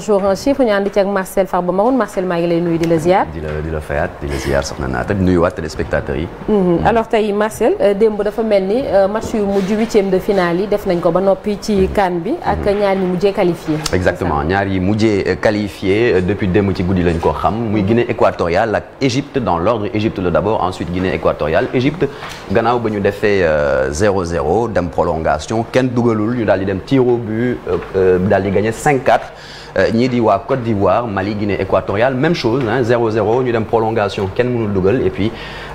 bonjour chiffre ñu ànd ci ak Marcel Farba Maroune Marcel maa ngi lay nuyu di la ziar. di la di la fayaat di la ziar soxna naat ak nuyuwaat téléspectateurs yi. Mhm. Mhm. alors tey Marcel euh, démb dafa mel ni euh, match yu mujj huitième de finale yi def nañ ko ba noppi ci kaan mhm. bi. ak ñaar yi mujjee qualifié. exactement ñaar yi mujjee euh, qualifié depuis démb ci guddi lañ ko xam muy Guinée équatoriale ak Égypte dans l'ordre Égypte la d'abord ensuite Guinée équatoriale Égypte gannaaw ba ñu defee 0-0 dem prolongation kenn dugalul ñu daal di dem tir au daal di gagné 5 Euh, ñii di waa Côte d'Ivoire Mali Guinée équatoriale même chose ah 0-0 ñu dem prolongation kenn mënul dugal et puis.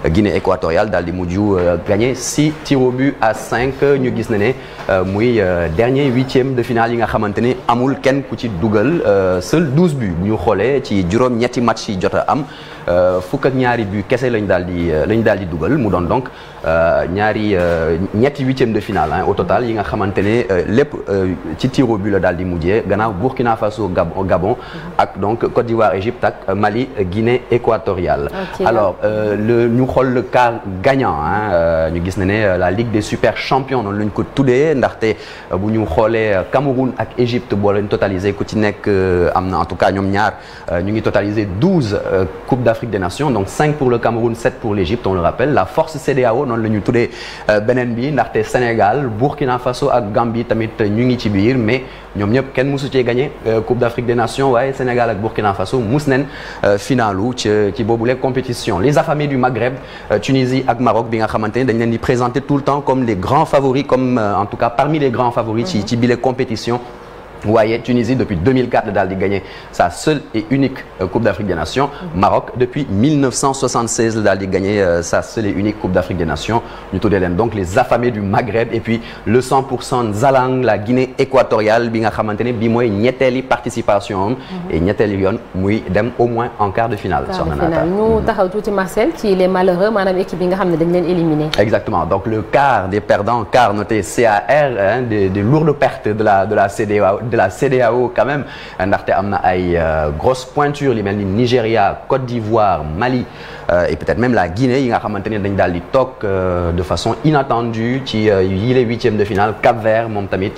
Guinée équatoriale daal di mujj euh, gagné 6 tirs au but à 5 ñu gis ne ne euh, muy euh, dernier huitième de finale yi nga xamante ne amul kenn ku ci dugal seul 12 buts bu ñu xoolee ci juróom-ñetti match yi jot a am fukk ñaari buts kese lañ daal di lañ daal di dugal mu doon donc ñaari ñetti huitième de finale hein, au total yi nga xamante ne lépp ci tirs au but la daal di mujjee gannaaw Burkina Faso Gabon Gabon ak donc Côte d'Ivoire Égypte ak Mali Guinée équatoriale. Okay, alors xool le cas gagnant ah ñu gis na ne euh, la Ligue des super noonu la ñu ko tuddee ndaxte euh, bu ñu xoolee Cameroun ak Égypte boo leen totalisé ku ci nekk am na en tout cas ñoom ñaar ñu ngi totalisé douze Coupe d'Afrique des Nations donc cinq pour le Cameroun sept pour l'Égypte on le rappelle la force CEDEAO noonu la ñu tuddee beneen bi ndaxte Sénégal Burkina Faso ak Gambie tamit ñu ngi ci biir mais ñoom ñëpp kenn musu cee gagné Coupe d'Afrique des Nations waaye Sénégal ak Burkina Faso mus nañ finalu ci ci boobule compétition les affamés du Maghreb Euh, Tunisie ak Maroc bi nga xamante ne dañ leen di présenter tout le temps comme les grands favoris comme euh, en tout cas parmi les grands favoris ci mhm. ci bile compétition waaye Tunisie depuis 2004 daal di gagné sa seule et unique euh, Coupe d'Afrique des Nations Maroc depuis 1976 la daal di gagné euh, sa seule et unique Coupe d'Afrique des Nations ñu tuddee leen donc les affamés du Maghreb et puis le 100 pour cent la Guinée équatoriale bi nga xamante ne bi mooy ñetteeli participation am mhm. et ñetteeli yoon muy dem au moins en quart de finale soxna Naata ñu mhm. taxaw tuuti Marcel ci les malheureux maanaam équipe yi nga xam ne dañ leen éliminé donc le quart des perdants quart noté CAR de la CEDEAO quand même ndaxte am na ay euh, grosse pointure li mel ni Nigéria Côte d'Ivoire Mali euh, et peut-être même la Guinée yi nga xamante ne dañ daal di toog euh, de façon inattendue ci yi les huitièmes de finale Cap-Vert moom tamit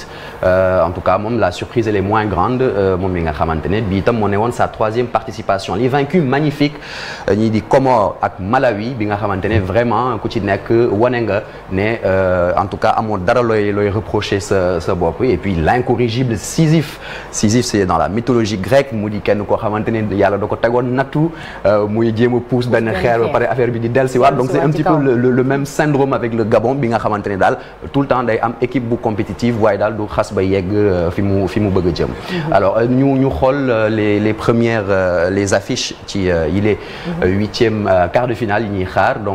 en tout cas moom la surprise elle est moins grande moom mi nga xamante ne bi tam moo ne woon sa troisième participation les vaincus magnifiques ñi di Comores ak Malawi bi nga xamante ne vraiment ku ci nekk wane nga ne en tout cas amoo dara looy looy sa bopp Sisyphe Sisyphe c'est dans la mythologie grecque mu di kenn koo xamante ne yàlla da ko tegoon nattu euh, muy jéem a pousse benn xeer ba pare affaire bi di del donc c'est un petit peu le, le, le même syndrome avec le Gabon bi nga xamante tout le temps day am équipe compétitive waaye daal du xas ba yegg euh, fi mu fi mu bëgg a jëm mhm. alors euh, ñu ñu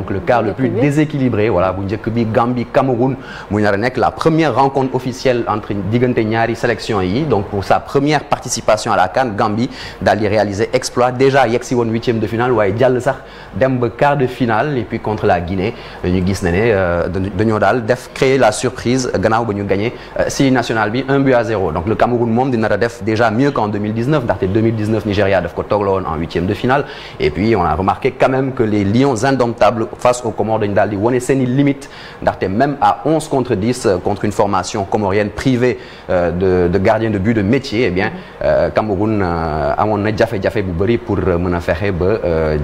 le quart déséquilibré voilà bu njëkk bi Gambie Cameroun mu nar a nekk la première rencontre officielle entre diggante ñaari sélection Gambie donc pour sa première participation à la CAN Gambie daal di réaliser déjà yegg si huitième de finale waaye jàll sax dem ba quart de finale et puis contre la Guinée ñu gis ne ne euh, dañoo créer la surprise gannaaw ba gagné euh, série nationale bi 1 but à 0 donc le Cameroun moom dina def déjà mieux en huitième de finale et puis on a remarqué quand même que les lions indomptables face aux Comores dañu daal di wone euh, de de gardien de but de métier eh bien euh, euh, amoon na jafe-jafe bu bëri pour euh, mën a fexe ba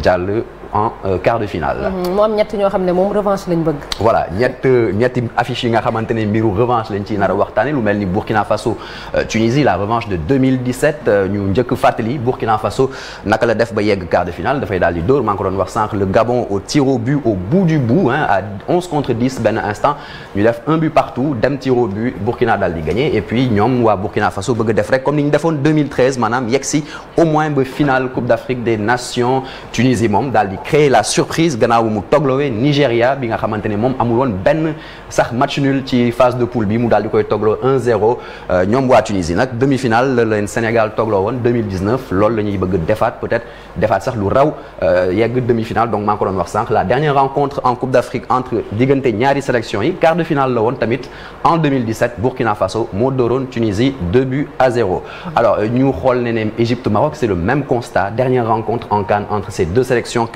jàll en euh, quart de finale. Mhm, mu am ñett ñoo xam ne moom revanche lañ bëgg. voilà ñett ñetti yi nga xamante ne mbiru revanche lañ ciy nar a waxtaanee lu mel ni Burkina Faso euh, Tunisie la revanche de 2017 euh, ñu njëkk fàttali Burkina Faso naka la def ba yegg quart de finale dafay daal di dóor maa ngi ko wax sànq le Gabon au tir au but au bout du bout à 11 instant ñu def un but partout dem tir au but Burkina daal di gagné et puis ñoom waa Burkina Faso bëgg def rek comme ni ñu defoon 2013 maanaam yegg si au moins ba finale Coupe d'Afrique des Nations Tunisie moom daal di créé la surprise gannaaw mu toglowee Nigéria bi nga xamante ne moom amul woon match nul ci phase de poule mu daal di koy togloo 1 euh, Tunisie demi-finale la leen Sénégal togloo woon peut-être defaat sax lu raw euh, yegg demi-finale donc maa ko la dernière rencontre en Coupe d'Afrique entre diggante ñaari sélection quart de finale la tamit en Burkina Faso moo Tunisie 2 à 0 alors euh, ñu xool ne Égypte Maroc c'est le même constat dernière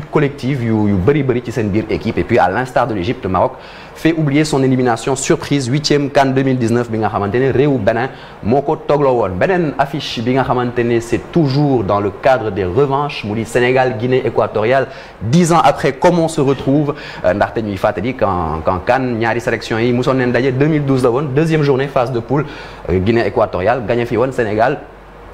attitude collective yu yu bëri bëri ci seen biir équipe et puis à l'instar de l'Égypte le Maroc fait oublier son élimination surprise huitième CAN 2019 bi nga xamante ne réewu Bénin moo woon beneen affiche bi nga xamante ne c'est toujours dans le cadre des revanches mu Sénégal Guinée équatoriale dix ans après comment on se retrouve euh, ndaxte ñuy fàttali quand quand CAN ñaari sélection yi mosoon neen daje 2012 la woon deuxième journée phase de poule euh, Guinée équatoriale gagné fi woon Sénégal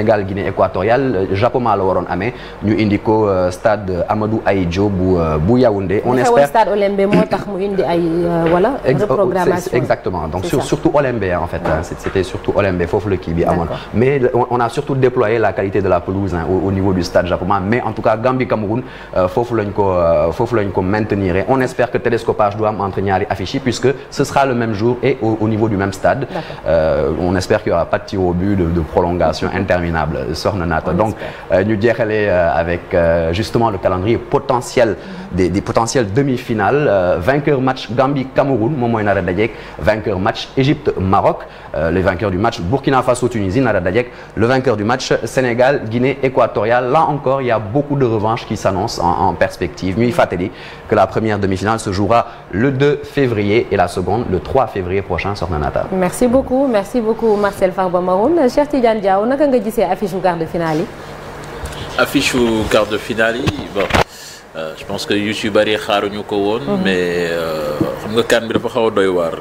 Sénégal Guinée équatoriale euh, Japoma la waroon amee ñu indi ko euh, stade euh, Amadou Ay Diop bu bu Yaoundé. Oh, en fait c'était mais on a surtout déployé la qualité de la pelouse au niveau du stade Japoma mais en tout cas Gambie Cameroun foofu lañ maintenir on espère que télescopage du entre ñaari affiches puisque ce sera le même jour et au niveau du même stade. on espère qu'il y aura pas de tir au but de prolongation interminable. interminable euh, soxna naata donc euh, ñu jeexalee euh, avec justement le calendrier potentiel des potentiels demi-finales vainqueur match Gambie Cameroun moom mooy nar a dajeek vainqueur match Égypte Maroc les vainqueurs du match Burkina Faso Tunisie nar a dajeek le vainqueur du match Sénégal Guinée équatoriale là encore il y a beaucoup de revanches qui s'annoncent en, perspective ñuy fàttali que la première demi-finale se jouera le février et la seconde le février prochain soxna gisee affiche wu quart de finale yi. affiche wu quart de finale yi bon euh, je pense que yu si bëri xaaruñu ko woon. Mhm. mais euh, xam nga kan bi dafa xaw a doy waar.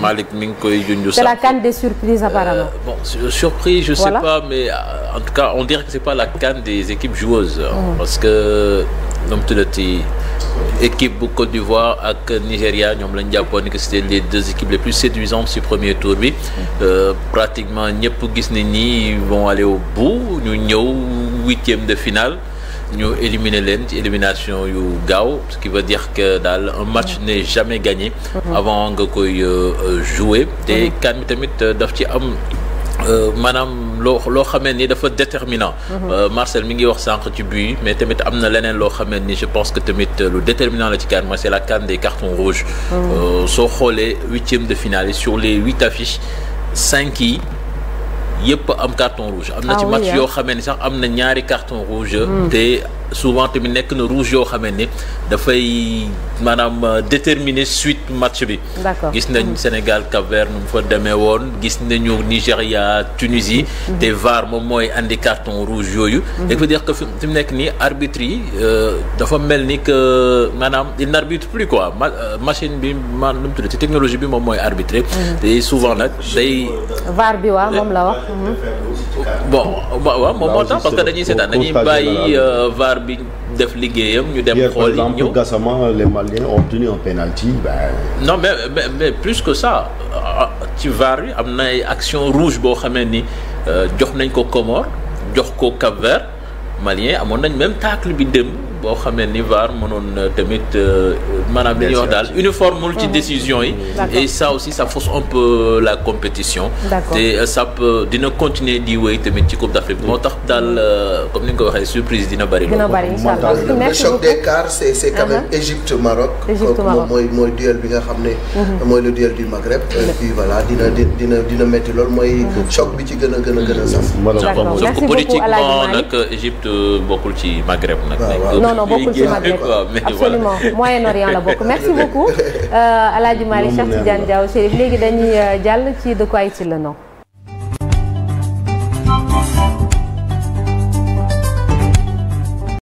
Malick mi ngi koy junj. c'est la canne des surprises apparemment. Euh, bon surprise je sais voilà. pas mais euh, en tout cas on dirait que c'est pas la canne des équipes joueuses. Mmh. parce que. nu mu tuddati équipe bu Côte d'Ivoire ak Nigéria ñoom la jàppoon que c'était les deux équipes les plus séduisantes ci premier tour bi euh, pratiquement ñëpp gis nañ ni vont aller au bout ñu ñëw huitième de finale ñu éliminer leen ci élimination yu gaaw ce qui veut dire que daal un match mm. n'est jamais gagné mm. avant nga koy euh, jouer te mm. kan bi tamit euh, daf ci am loo loo xamee ni dafa déterminant. Mhm. Euh, Marcel mi ngi wax sànq ci but mais tamit am na leneen loo xamee ni je pense que tamit euh, lu déterminant la ci CAN mooy c'est la CAN des cartons rouges. Mhm. Euh, soo xoolee huitième de finale sur les huit affiches cinq yi. yëpp am carton rouge ah am na ci match yoo xamee ni sax am na ñaari carton rouge mhm. te souvent tamit nekk na rouge yoo xamee ni dafay maanaam euh, déterminer suite match bi. gis nañ mhm. Sénégal Cap-Vert mu fa demee woon gis nañu Nigéria Tunisie. Mhm. te VAR moom mooy indi carton rouge yooyu. da mhm. veut dire que fi mu nekk nii arbitre yi euh, dafa mel ni que maanaam il n'arbitre plus quoi euh, machine bi ma nu mu tudd technologie bi moom mooy arbitrer. te souvent nag day. VAR bi waaw moom la wax. bon moom moo tax parce que dañuy seetaan dañuy bàyyi VAR. VAR bi def liggéeyam ñu dem. xool yi ñëw Gassama les Maliens ont obtenu un penalty ben... non mais, mais mais plus que ça ah, ci VAR bi am na ay action rouge boo xamee ni euh, jox nañ ko Comore jox ko Cap Vert Malien amoon nañ même tacle bi dem. boo xamee ni VAR mënoon euh, tamit euh, maanaam li ñuy wax daal uniforme ci décision yi. Mm-hmm. et ça aussi ça fausse un peu euh, la compétition. te ça peut dina continuer di wéy tamit ci Coupe d'Afrique moo tax daal comme ni nga ko waxee surprise dina bari. dina bari incha allah le choc mooy mooy duel bi nga xam ne. Mm-hmm. mooy le duel du Maghreb. puis voilà dina dina dina métti lool mooy mm-hmm. choc bi ci gën a gën a gën a saf. d'accord merci beaucoup El Hadj Malick politiquement nag Égypte bokkul ci Maghreb nag. non non bokkul ci Maghreb absolument Moyen-Orient la bokk merci beaucoup El euh, Hadj Malick Cheikh Tidiane Diaw Chérif léegi dañuy euh, jàll ci de quoi est-il le